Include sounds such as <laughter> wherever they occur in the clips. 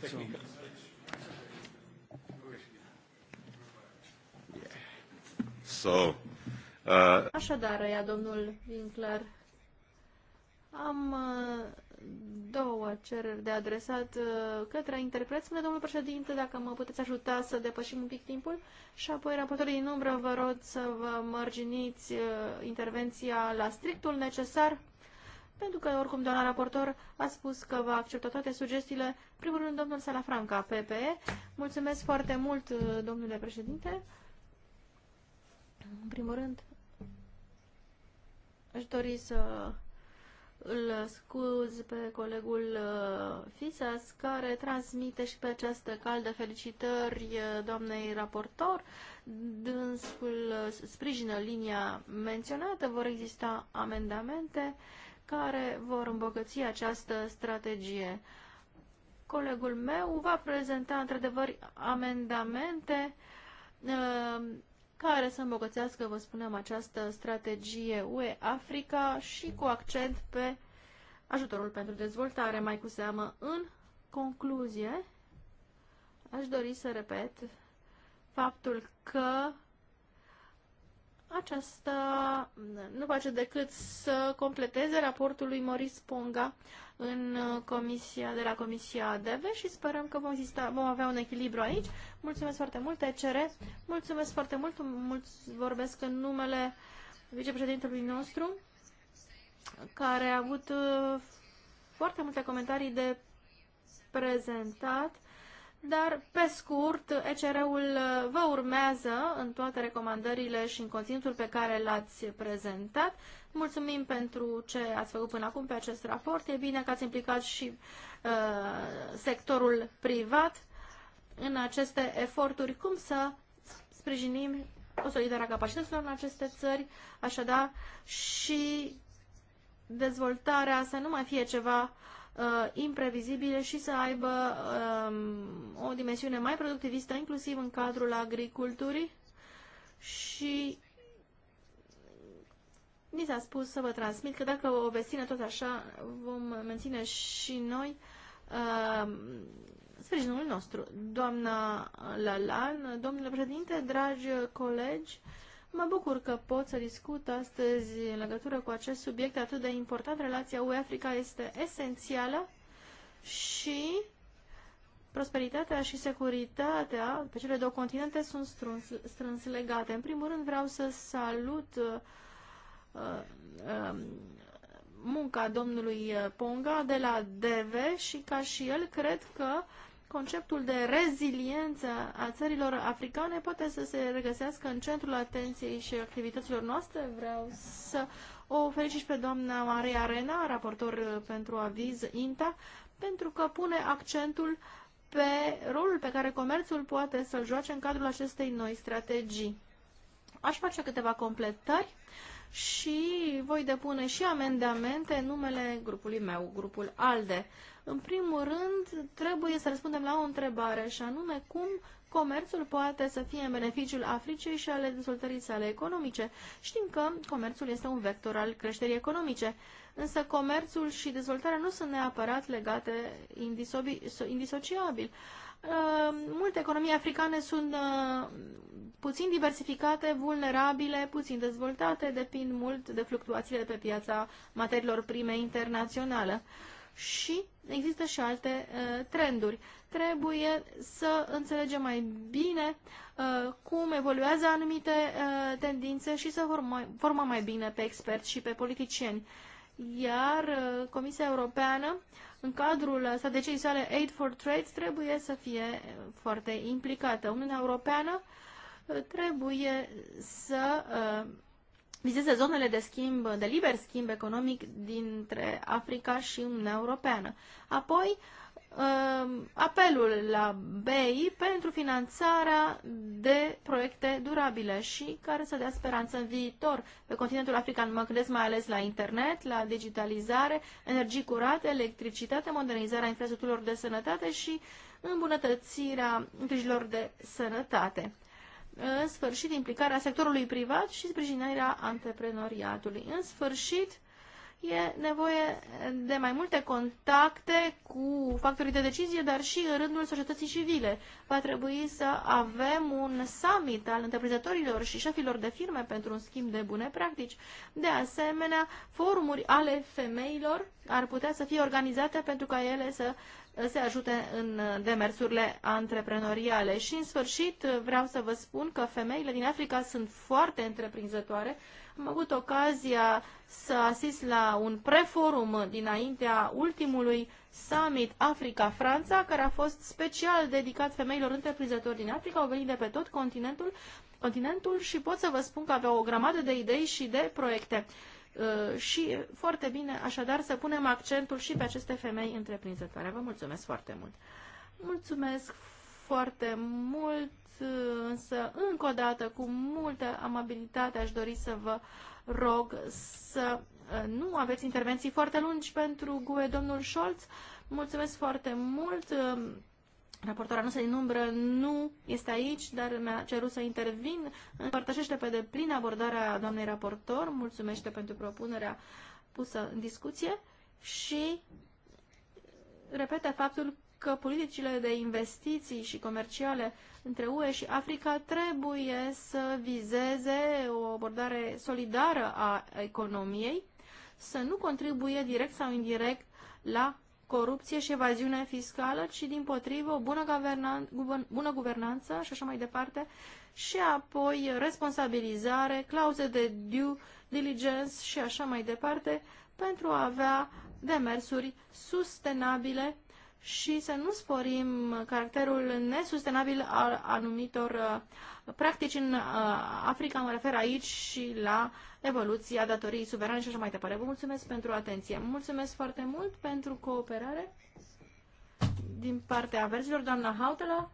Deci, so. uh... Așadar, ea, domnul Winkler, am uh, două cereri de adresat uh, către interpret. Spune domnul președinte dacă mă puteți ajuta să depășim un pic timpul și apoi raportorii din umbră vă rog să vă mărginiți uh, intervenția la strictul necesar pentru că, oricum, doamna raportor a spus că va accepta toate sugestiile. Primul rând, domnul Salafranca, PPE. Mulțumesc foarte mult, domnule președinte. În primul rând, aș dori să îl scuz pe colegul uh, Fisas, care transmite și pe această caldă felicitări uh, doamnei raportor. Dânsul uh, sprijină linia menționată, vor exista amendamente care vor îmbogăți această strategie. Colegul meu va prezenta într-adevăr amendamente uh, care să îmbogățească, vă spunem, această strategie UE-Africa și cu accent pe ajutorul pentru dezvoltare, mai cu seamă. În concluzie, aș dori să repet faptul că aceasta nu face decât să completeze raportul lui Moris Ponga în uh, comisia, de la Comisia ADV și sperăm că vom, exista, vom avea un echilibru aici. Mulțumesc foarte mult, ECR. Mulțumesc foarte mult. Mulți vorbesc în numele vicepreședintelui nostru, care a avut uh, foarte multe comentarii de prezentat dar pe scurt ECR-ul uh, vă urmează în toate recomandările și în conținutul pe care l-ați prezentat. Mulțumim pentru ce ați făcut până acum pe acest raport. E bine că ați implicat și uh, sectorul privat în aceste eforturi. Cum să sprijinim consolidarea capacităților în aceste țări, așadar și dezvoltarea să nu mai fie ceva uh, imprevizibile și să aibă um, o dimensiune mai productivistă, inclusiv în cadrul agriculturii. Și mi s-a spus să vă transmit că dacă o veți tot așa, vom menține și noi uh, sprijinul nostru. Doamna Lalan, domnule președinte, dragi colegi, uh, Mă bucur că pot să discut astăzi în legătură cu acest subiect atât de important. Relația UE-Africa este esențială și prosperitatea și securitatea pe cele două continente sunt strâns, strâns legate. În primul rând vreau să salut uh, uh, um, munca domnului Ponga de la DV și ca și el cred că conceptul de reziliență a țărilor africane poate să se regăsească în centrul atenției și activităților noastre. Vreau să o felicit pe doamna Maria Arena, raportor pentru aviz INTA, pentru că pune accentul pe rolul pe care comerțul poate să-l joace în cadrul acestei noi strategii. Aș face câteva completări și voi depune și amendamente în numele grupului meu, grupul ALDE. În primul rând, trebuie să răspundem la o întrebare, și anume cum comerțul poate să fie în beneficiul Africei și ale dezvoltării sale economice. Știm că comerțul este un vector al creșterii economice, însă comerțul și dezvoltarea nu sunt neapărat legate indisociabil. Uh, multe economii africane sunt uh, puțin diversificate, vulnerabile, puțin dezvoltate, depind mult de fluctuațiile pe piața materiilor prime internaționale și există și alte uh, trenduri. Trebuie să înțelegem mai bine uh, cum evoluează anumite uh, tendințe și să formăm forma mai bine pe experți și pe politicieni. Iar uh, Comisia Europeană, în cadrul strategiei sale Aid for Trade, trebuie să fie uh, foarte implicată. Uniunea Europeană uh, trebuie să uh, vizeze zonele de schimb, de liber schimb economic dintre Africa și Uniunea Europeană. Apoi, um, apelul la BEI pentru finanțarea de proiecte durabile și care să dea speranță în viitor. Pe continentul african mă gândesc mai ales la internet, la digitalizare, energii curate, electricitate, modernizarea infrastructurilor de sănătate și îmbunătățirea grijilor de sănătate în sfârșit implicarea sectorului privat și sprijinirea antreprenoriatului. În sfârșit, e nevoie de mai multe contacte cu factorii de decizie, dar și în rândul societății civile. Va trebui să avem un summit al întreprinzătorilor și șefilor de firme pentru un schimb de bune practici. De asemenea, forumuri ale femeilor ar putea să fie organizate pentru ca ele să se ajute în demersurile antreprenoriale. Și, în sfârșit, vreau să vă spun că femeile din Africa sunt foarte întreprinzătoare. Am avut ocazia să asist la un preforum dinaintea ultimului summit Africa-Franța, care a fost special dedicat femeilor întreprinzători din Africa. Au venit de pe tot continentul, continentul și pot să vă spun că aveau o grămadă de idei și de proiecte. Uh, și foarte bine, așadar, să punem accentul și pe aceste femei întreprinzătoare. Vă mulțumesc foarte mult! Mulțumesc foarte mult, uh, însă, încă o dată, cu multă amabilitate, aș dori să vă rog să uh, nu aveți intervenții foarte lungi pentru GUE, domnul Scholz. Mulțumesc foarte mult! Raportoarea noastră din umbră nu este aici, dar mi-a cerut să intervin. Împărtășește pe deplin abordarea doamnei raportor, mulțumește pentru propunerea pusă în discuție și repete faptul că politicile de investiții și comerciale între UE și Africa trebuie să vizeze o abordare solidară a economiei, să nu contribuie direct sau indirect la corupție și evaziune fiscală, ci din potrivă o bună, guvernan bună guvernanță și așa mai departe, și apoi responsabilizare, clauze de due diligence și așa mai departe, pentru a avea demersuri sustenabile și să nu sporim caracterul nesustenabil al anumitor uh, practici în uh, Africa, mă refer aici și la evoluția datorii suverane și așa mai departe. Vă mulțumesc pentru atenție. Mulțumesc foarte mult pentru cooperare din partea verzilor, doamna Hautela.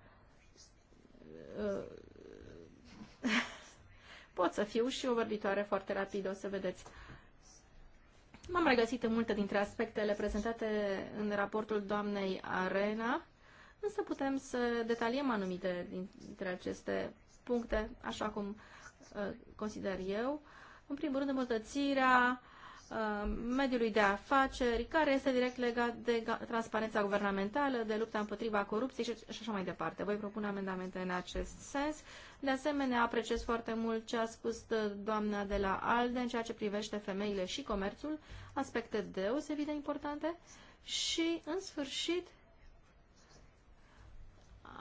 Uh, <laughs> pot să fiu și o vorbitoare foarte rapidă, o să vedeți. M-am regăsit în multe dintre aspectele prezentate în raportul doamnei Arena, însă putem să detaliem anumite dintre aceste puncte, așa cum uh, consider eu. În primul rând, îmbunătățirea uh, Uh, mediului de afaceri, care este direct legat de transparența guvernamentală, de lupta împotriva corupției și așa mai departe. Voi propune amendamente în acest sens. De asemenea, apreciez foarte mult ce a spus doamna de la ALDE în ceea ce privește femeile și comerțul, aspecte deosebit de importante. Și, în sfârșit,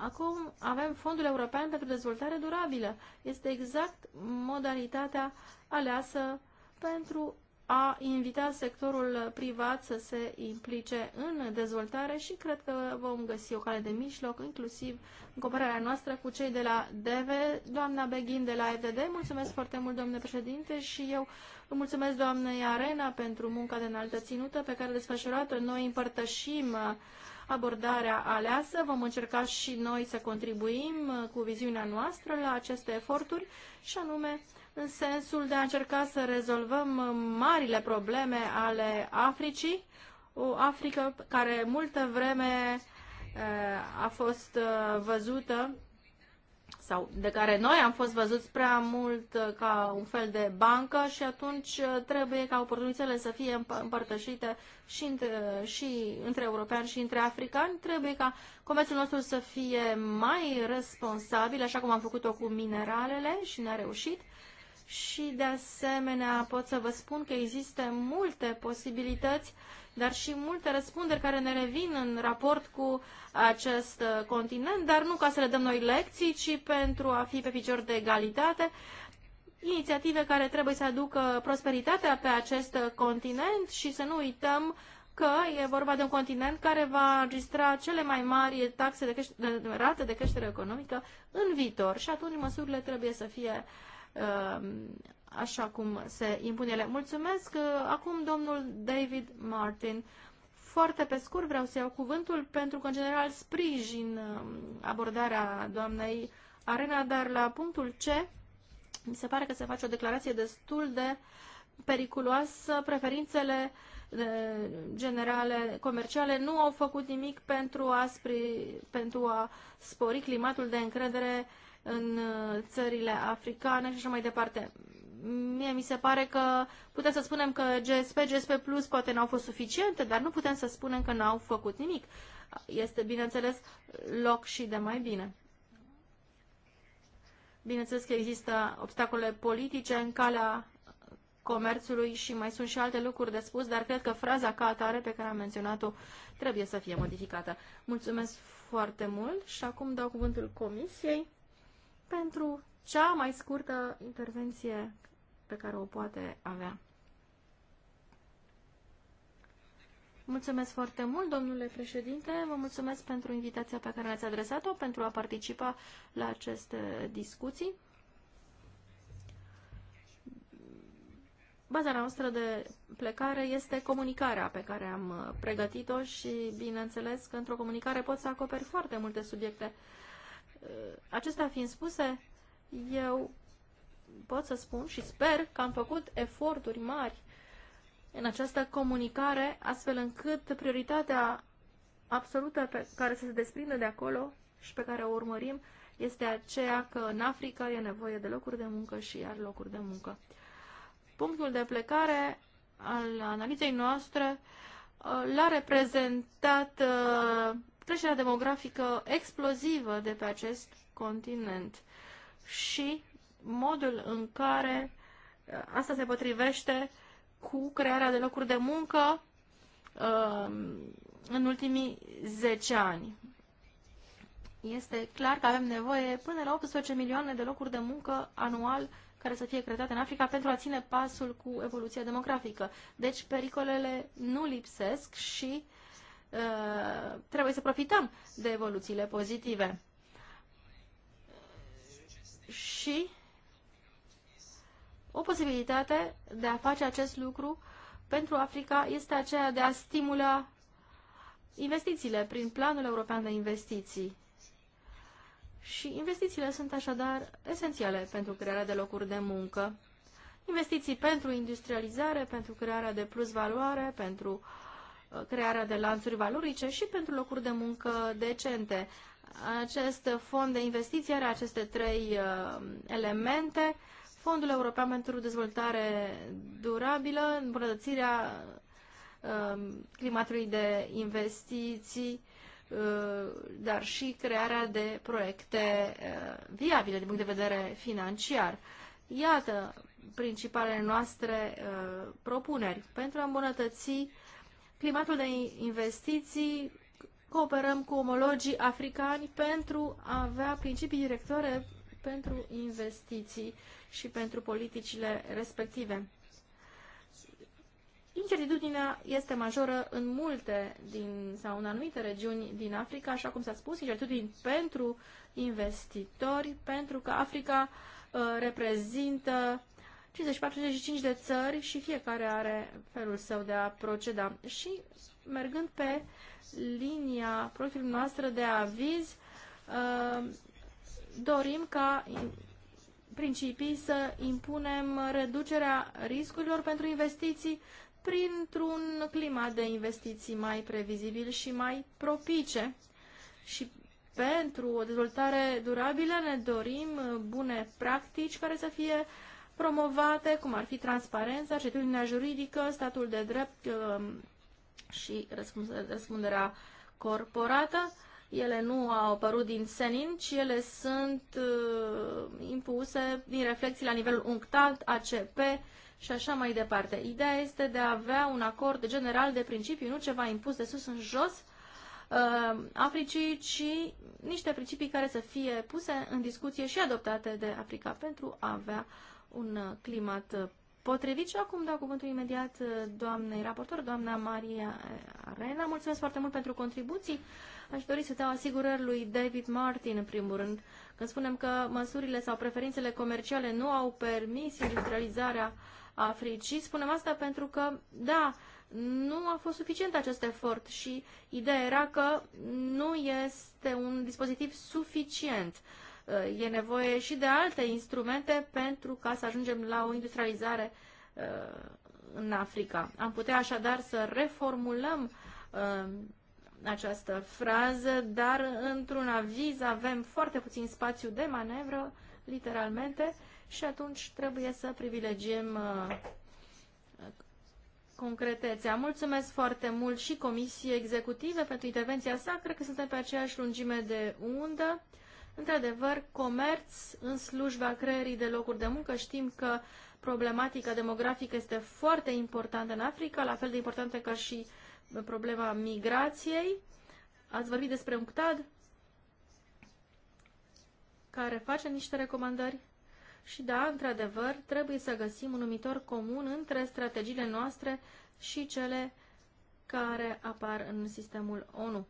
acum avem Fondul European pentru Dezvoltare Durabilă. Este exact modalitatea aleasă pentru a invita sectorul privat să se implice în dezvoltare și cred că vom găsi o cale de mijloc, inclusiv în cooperarea noastră cu cei de la DEVE, doamna Beghin de la FDD. Mulțumesc foarte mult, domnule președinte, și eu mulțumesc doamnei Arena pentru munca de înaltă ținută pe care desfășurată Noi împărtășim abordarea aleasă. Vom încerca și noi să contribuim cu viziunea noastră la aceste eforturi și anume în sensul de a încerca să rezolvăm marile probleme ale Africii, o Africă care multă vreme eh, a fost eh, văzută sau de care noi am fost văzuți prea mult eh, ca un fel de bancă și atunci trebuie ca oportunitățile să fie împărtășite și între, și între europeani și între africani. Trebuie ca comerțul nostru să fie mai responsabil, așa cum am făcut-o cu mineralele și ne-a reușit și de asemenea pot să vă spun că există multe posibilități, dar și multe răspunderi care ne revin în raport cu acest uh, continent, dar nu ca să le dăm noi lecții, ci pentru a fi pe picior de egalitate inițiative care trebuie să aducă prosperitatea pe acest uh, continent și să nu uităm că e vorba de un continent care va înregistra cele mai mari taxe de, de rate de creștere economică în viitor și atunci măsurile trebuie să fie uh, Um, așa cum se impune ele. Mulțumesc uh, acum domnul David Martin. Foarte pe scurt vreau să iau cuvântul pentru că, în general, sprijin um, abordarea doamnei Arena, dar la punctul C mi se pare că se face o declarație destul de periculoasă. Preferințele generale comerciale nu au făcut nimic pentru a, spri, pentru a spori climatul de încredere în uh, țările africane și așa mai departe. Mie mi se pare că putem să spunem că GSP, GSP Plus poate n-au fost suficiente, dar nu putem să spunem că n-au făcut nimic. Este, bineînțeles, loc și de mai bine. Bineînțeles că există obstacole politice în calea comerțului și mai sunt și alte lucruri de spus, dar cred că fraza ca atare pe care am menționat-o trebuie să fie modificată. Mulțumesc foarte mult și acum dau cuvântul Comisiei pentru cea mai scurtă intervenție pe care o poate avea. Mulțumesc foarte mult, domnule președinte. Vă mulțumesc pentru invitația pe care ne-ați adresat-o, pentru a participa la aceste discuții. Baza noastră de plecare este comunicarea pe care am pregătit-o și, bineînțeles, că într-o comunicare pot să acoperi foarte multe subiecte. Uh, acestea fiind spuse, eu pot să spun și sper că am făcut eforturi mari în această comunicare, astfel încât prioritatea absolută pe care se desprinde de acolo și pe care o urmărim este aceea că în Africa e nevoie de locuri de muncă și iar locuri de muncă. Punctul de plecare al analizei noastre uh, l-a reprezentat uh, creșterea demografică explozivă de pe acest continent și modul în care uh, asta se potrivește cu crearea de locuri de muncă um, în ultimii 10 ani. Este clar că avem nevoie până la 18 milioane de locuri de muncă anual care să fie create în Africa pentru a ține pasul cu evoluția demografică. Deci pericolele nu lipsesc și uh, trebuie să profităm de evoluțiile pozitive. Și o posibilitate de a face acest lucru pentru Africa este aceea de a stimula investițiile prin Planul European de Investiții. Și investițiile sunt așadar esențiale pentru crearea de locuri de muncă. Investiții pentru industrializare, pentru crearea de plus valoare, pentru uh, crearea de lanțuri valorice și pentru locuri de muncă decente. Acest fond de investiții are aceste trei uh, elemente. Fondul European pentru Dezvoltare Durabilă, îmbunătățirea uh, climatului de investiții, uh, dar și crearea de proiecte viabile din punct de vedere financiar. Iată principalele noastre propuneri pentru a îmbunătăți climatul de investiții, cooperăm cu omologii africani pentru a avea principii directoare pentru investiții și pentru politicile respective. Incertitudinea este majoră în multe din, sau în anumite regiuni din Africa, așa cum s-a spus, incertitudini pentru investitori, pentru că Africa uh, reprezintă 50-45 de țări și fiecare are felul său de a proceda. Și mergând pe linia proiectului noastră de aviz, uh, dorim ca principii să impunem reducerea riscurilor pentru investiții printr-un climat de investiții mai previzibil și mai propice. Și pentru o dezvoltare durabilă ne dorim bune practici care să fie promovate, cum ar fi transparența, certitudinea juridică, statul de drept um, și răspunderea corporată. Ele nu au apărut din senin, ci ele sunt uh, impuse din reflexii la nivelul UNCTAD, ACP și așa mai departe. Ideea este de a avea un acord general de principiu, nu ceva impus de sus în jos, Uh, Africii, ci niște principii care să fie puse în discuție și adoptate de Africa pentru a avea un uh, climat uh, potrivit. Și acum dau cuvântul imediat doamnei raportor, doamna Maria Arena. Mulțumesc foarte mult pentru contribuții. Aș dori să dau asigurări lui David Martin, în primul rând, când spunem că măsurile sau preferințele comerciale nu au permis industrializarea Africii. Spunem asta pentru că, da, nu a fost suficient acest efort și ideea era că nu este un dispozitiv suficient. Uh, e nevoie și de alte instrumente pentru ca să ajungem la o industrializare uh, în Africa. Am putea așadar să reformulăm uh, această frază, dar într-un aviz avem foarte puțin spațiu de manevră, literalmente, și atunci trebuie să privilegiem concretețea. Mulțumesc foarte mult și Comisiei Executive pentru intervenția sa. Cred că suntem pe aceeași lungime de undă. Într-adevăr, comerț în slujba creării de locuri de muncă. Știm că problematica demografică este foarte importantă în Africa, la fel de importantă ca și problema migrației. Ați vorbit despre UNCTAD, care face niște recomandări și da, într-adevăr, trebuie să găsim un numitor comun între strategiile noastre și cele care apar în sistemul ONU.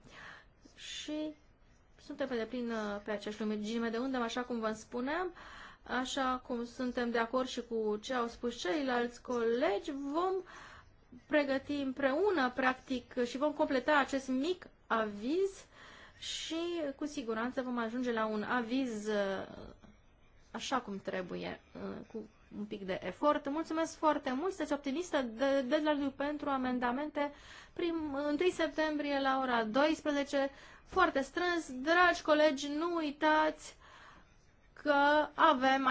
Și suntem pe deplin uh, pe acești lumegime de unde, așa cum vă spuneam, așa cum suntem de acord și cu ce au spus ceilalți colegi, vom pregăti împreună, practic, și vom completa acest mic aviz și cu siguranță vom ajunge la un aviz uh, așa cum trebuie, uh, cu un pic de efort. Mulțumesc foarte mult, sunteți optimistă de deadline pentru amendamente prim, 1 septembrie la ora 12, foarte strâns. Dragi colegi, nu uitați că avem